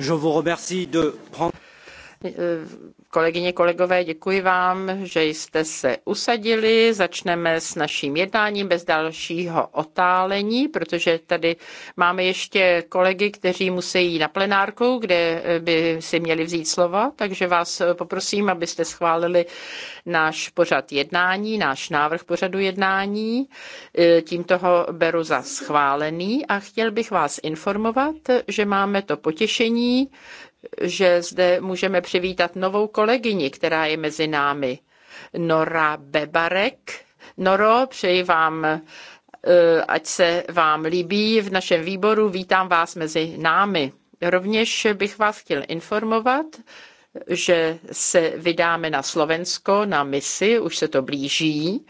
Je vous remercie de prendre eh, eh, Kolegyně, kolegové, děkuji vám, že jste se usadili. Začneme s naším jednáním bez dalšího otálení, protože tady máme ještě kolegy, kteří musí jít na plenárku, kde by si měli vzít slova, takže vás poprosím, abyste schválili náš pořad jednání, náš návrh pořadu jednání. E, Tímto ho beru za schválený a chtěl bych vás informovat, že máme to potěšení, že zde můžeme přivítat novou kolegyni, která je mezi námi, Nora Bebarek. Noro, přeji vám, eh, ať se vám líbí v našem výboru. Vítám vás mezi námi. Rovněž bych vás chtěl informovat, že se vydáme na Slovensko na misi, už se to blíží.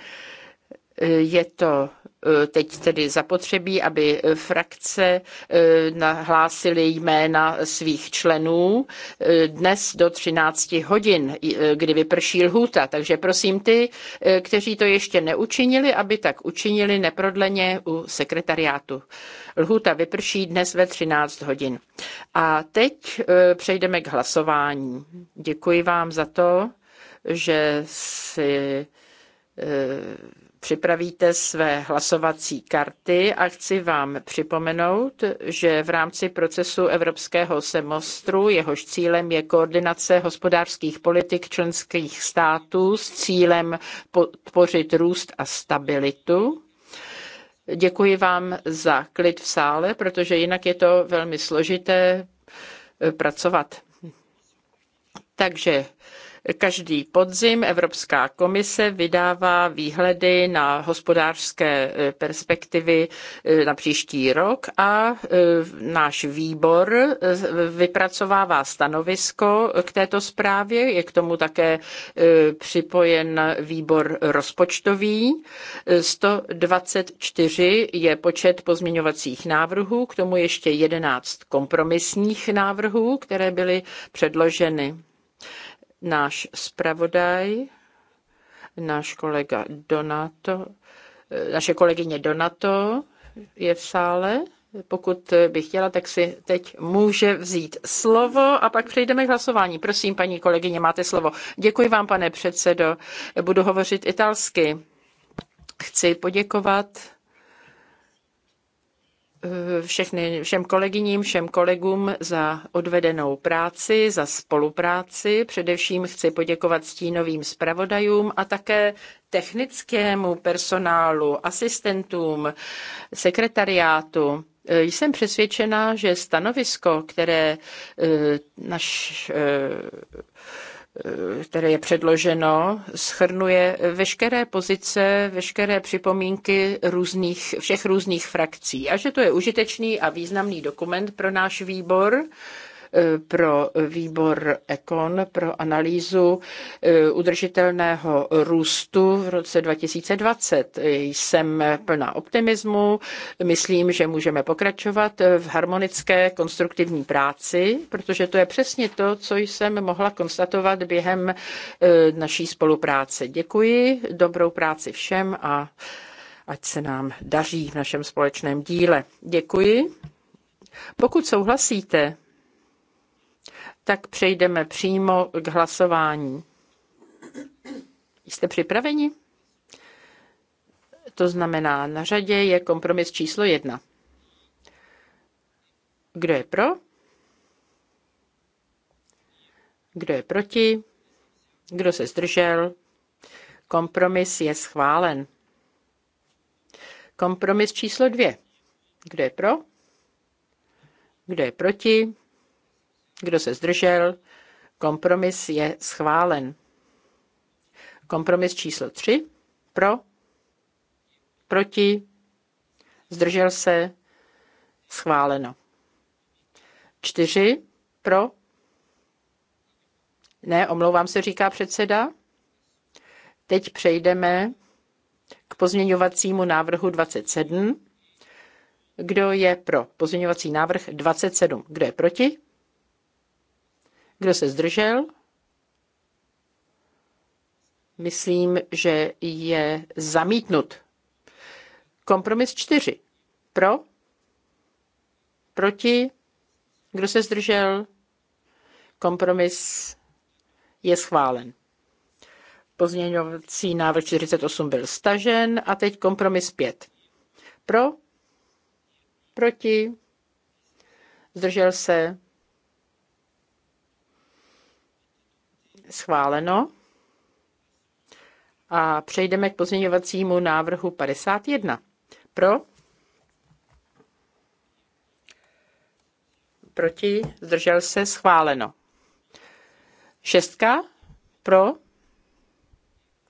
Eh, je to Eh, teď tedy zapotřebí, aby frakce eh, nahlásily jména svých členů eh, dnes do 13 hodin, kdy vyprší lhůta. Takže prosím ty, kteří to ještě neučinili, aby tak učinili neprodleně u sekretariátu. Lhůta vyprší dnes ve 13 hodin. A teď přejdeme k hlasování. Děkuji vám za to, že si připravíte své hlasovací karty a chci vám připomenout, že v rámci procesu evropského semestru jehož cílem je koordinace hospodářských politik členských států s cílem podpořit růst a stabilitu. Děkuji vám za klid v sále, protože jinak je to velmi složité eh, pracovat. Takže Každý podzim Evropská komise vydává výhledy na hospodářské e, perspektivy e, na příští rok a e, náš výbor vypracovává stanovisko k této zprávě. Je k tomu také připojen výbor rozpočtový. 124 je počet pozměňovacích návrhů, k tomu ještě 11 kompromisních návrhů, které byly předloženy náš zpravodaj, náš kolega Donato, naše kolegyně Donato je v sále. Pokud by chtěla, tak si teď může vzít slovo a pak přejdeme k hlasování. Prosím, paní kolegyně, máte slovo. Děkuji vám, pane předsedo. Budu hovořit italsky. Chci poděkovat Eh, všechny, všem kolegyním, všem kolegům za odvedenou práci, za spolupráci. Především chci poděkovat stínovým zpravodajům a také technickému personálu, asistentům, sekretariátu. Eh, jsem přesvědčená, že stanovisko, které eh, naš Eh, které je předloženo, schrnuje veškeré pozice, veškeré připomínky různých, všech různých frakcí a že to je užitečný a významný dokument pro náš výbor, E, pro výbor Econ pro analýzu e, udržitelného růstu v roce 2020. Jsem plná optimismu, myslím, že můžeme pokračovat v harmonické konstruktivní práci, protože to je přesně to, co jsem mohla konstatovat během e, naší spolupráce. Děkuji, dobrou práci všem a ať se nám daří v našem společném díle. Děkuji. Pokud souhlasíte, tak přejdeme přímo k hlasování. Jste připraveni? To znamená, na řadě je kompromis číslo jedna. Kdo je pro? Kdo je proti? Kdo se zdržel? Kompromis je schválen. Kompromis číslo dvě. Kdo je pro? Kdo je proti? Kdo se zdržel? Kompromis je schválen. Kompromis číslo 3. Pro? Proti? Zdržel se? Schváleno. 4. Pro? Ne, omlouvám se, říká předseda. Teď přejdeme k pozměňovacímu návrhu 27. Kdo je pro pozměňovací návrh 27? Kdo je proti? Kdo se zdržel? Myslím, že je zamítnut. Kompromis 4. Pro? Proti? Kdo se zdržel? Kompromis je schválen. Pozměňovací návrh 48 byl stažen a teď kompromis 5. Pro? Proti? Zdržel se? Schváleno. A přejdeme k pozměňovacímu návrhu 51. Pro? Proti? Zdržel se? Schváleno. Šestka? Pro?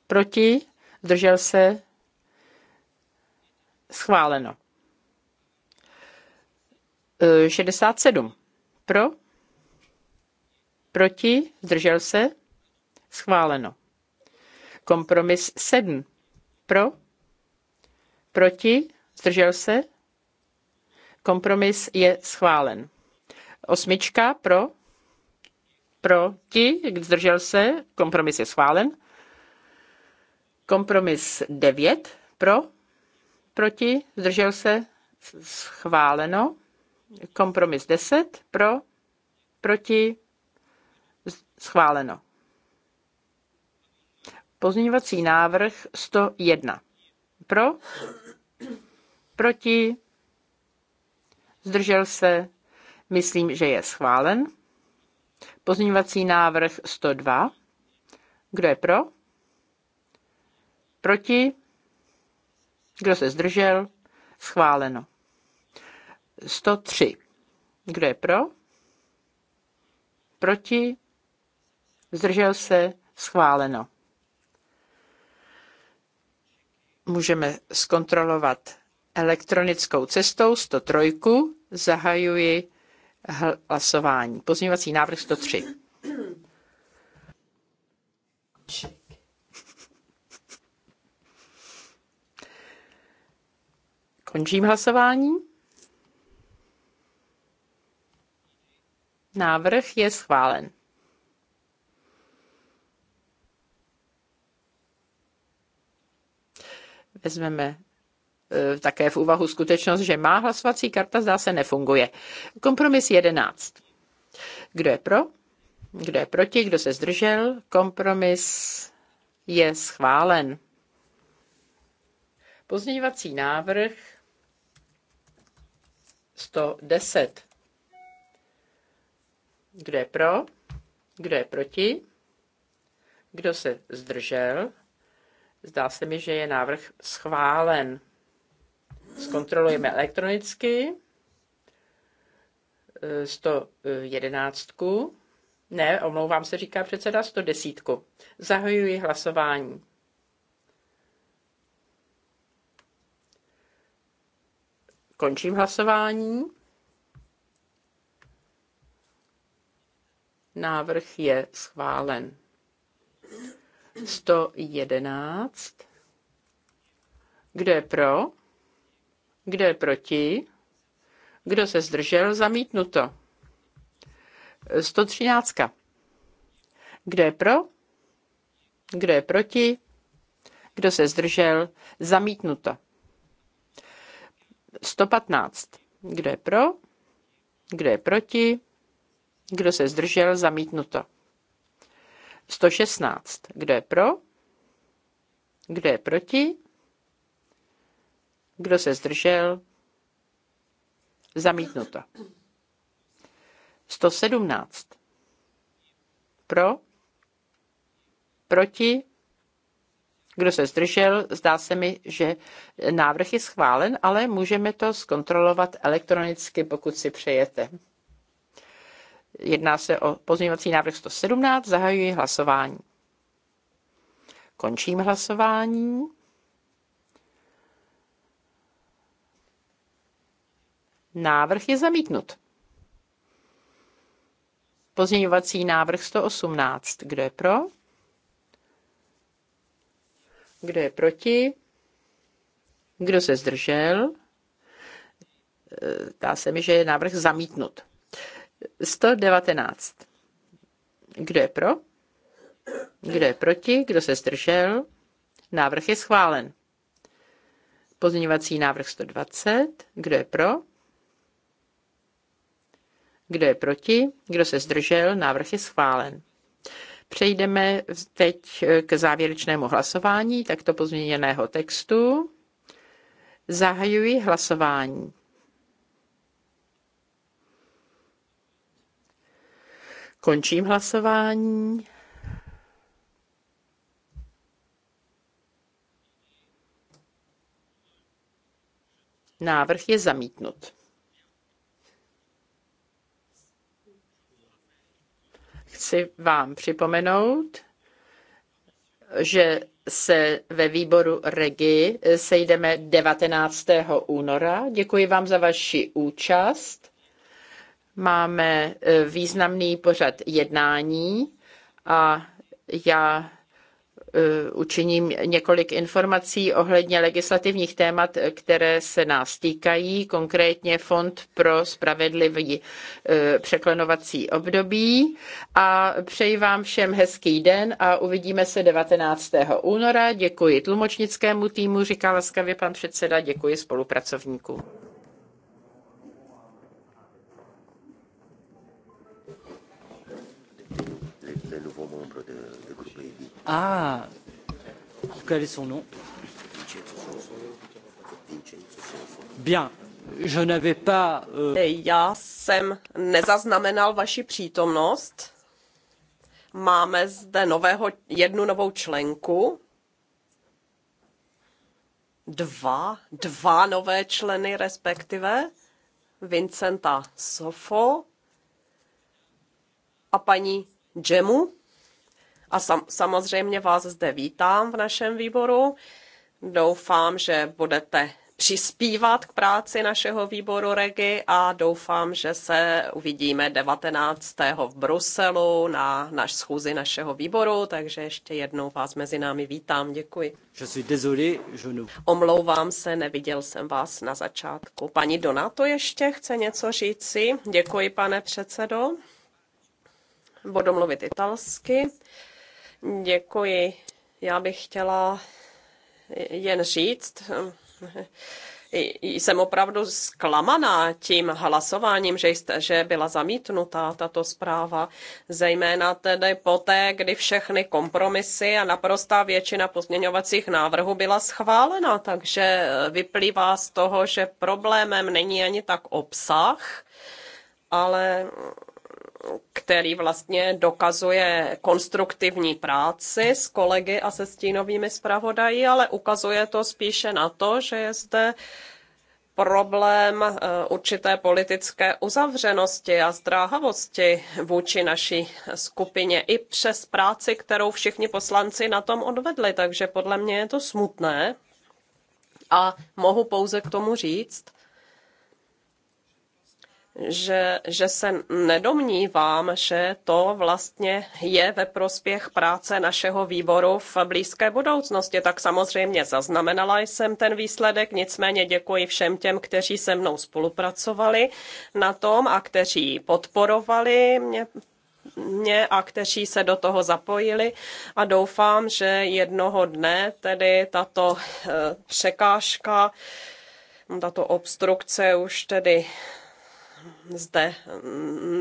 Proti? Zdržel se? Schváleno. 67. E, Pro? Proti? Zdržel se? Schváleno. Kompromis 7. Pro? Proti? Zdržel se? Kompromis je schválen. Osmička pro? Proti? Zdržel se? Kompromis je schválen. Kompromis 9. Pro? Proti? Zdržel se? Schváleno. Kompromis 10. Pro? Proti? Schváleno. Pozměňovací návrh 101. Pro? Proti? Zdržel se? Myslím, že je schválen. Pozměňovací návrh 102. Kdo je pro? Proti? Kdo se zdržel? Schváleno. 103. Kdo je pro? Proti? Zdržel se? Schváleno. můžeme zkontrolovat elektronickou cestou 103. Zahajuji hlasování. Pozměňovací návrh 103. Končím hlasování. Návrh je schválen. vezmeme eh, také v úvahu skutečnost, že má hlasovací karta, zdá se, nefunguje. Kompromis 11. Kdo je pro? Kdo je proti? Kdo se zdržel? Kompromis je schválen. Pozměňovací návrh 110. Kdo je pro? Kdo je proti? Kdo se zdržel? Zdá se mi, že je návrh schválen. Zkontrolujeme elektronicky. 111. Ne, omlouvám se, říká předseda 110. Zahajuji hlasování. Končím hlasování. Návrh je schválen. 111. Kdo je pro? Kdo je proti? Kdo se zdržel? Zamítnuto. 113. Kdo je pro? Kdo je proti? Kdo se zdržel? Zamítnuto. 115. Kdo je pro? Kdo je proti? Kdo se zdržel? Zamítnuto. 116. Kdo je pro? Kdo je proti? Kdo se zdržel? Zamítnuto. 117. Pro? Proti? Kdo se zdržel? Zdá se mi, že návrh je schválen, ale můžeme to zkontrolovat elektronicky, pokud si přejete. Jedná se o pozměňovací návrh 117. Zahajuji hlasování. Končím hlasování. Návrh je zamítnut. Pozměňovací návrh 118. Kdo je pro? Kdo je proti? Kdo se zdržel? E, Dá se mi, že je návrh zamítnut. 119. Kdo je pro? Kdo je proti? Kdo se zdržel? Návrh je schválen. Pozměňovací návrh 120. Kdo je pro? Kdo je proti? Kdo se zdržel? Návrh je schválen. Přejdeme teď eh, k závěrečnému hlasování takto pozměněného textu. Zahajuji hlasování. Končím hlasování. Návrh je zamítnut. Chci vám připomenout, že se ve výboru REGI sejdeme 19. února. Děkuji vám za vaši účast máme e, významný pořad jednání a já e, učiním několik informací ohledně legislativních témat, které se nás týkají, konkrétně Fond pro spravedlivý e, překlenovací období. A přeji vám všem hezký den a uvidíme se 19. února. Děkuji tlumočnickému týmu, říká laskavě pan předseda, děkuji spolupracovníkům. le nouveau membre de, de groupe ID. Ah Quel est son nom Bien. Je n'avais pas, uh... Já jsem nezaznamenal vaši přítomnost. Máme zde nového, jednu novou členku. Dva, dva nové členy respektive. Vincenta Sofo a paní džemu. A sam, samozřejmě vás zde vítám v našem výboru. Doufám, že budete přispívat k práci našeho výboru Regi a doufám, že se uvidíme 19. v Bruselu na naš schůzi našeho výboru, takže ještě jednou vás mezi námi vítám, děkuji. Je suis désolé, je ne... Omlouvám se, neviděl jsem vás na začátku. Paní Donato ještě chce něco říci. Děkuji, pane předsedo budu mluvit italsky. Děkuji. Já bych chtěla jen říct, jsem opravdu zklamaná tím hlasováním, že, jste, že byla zamítnutá tato zpráva, zejména tedy poté, kdy všechny kompromisy a naprostá většina pozměňovacích návrhů byla schválena, takže vyplývá z toho, že problémem není ani tak obsah, ale který vlastně dokazuje konstruktivní práci s kolegy a se stínovými zpravodají, ale ukazuje to spíše na to, že je zde problém eh, určité politické uzavřenosti a zdráhavosti vůči naší skupině i přes práci, kterou všichni poslanci na tom odvedli. Takže podle mě je to smutné a mohu pouze k tomu říct, že, že se nedomnívám, že to vlastně je ve prospěch práce našeho výboru v blízké budoucnosti. Tak samozřejmě zaznamenala jsem ten výsledek, nicméně děkuji všem těm, kteří se mnou spolupracovali na tom a kteří podporovali mě mě a kteří se do toho zapojili a doufám, že jednoho dne tedy tato eh, překážka, tato obstrukce už tedy zde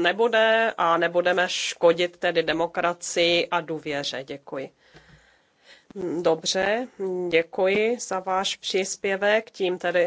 nebude a nebudeme škodit tedy demokracii a důvěře. Děkuji. Dobře, děkuji za váš příspěvek. Tím tedy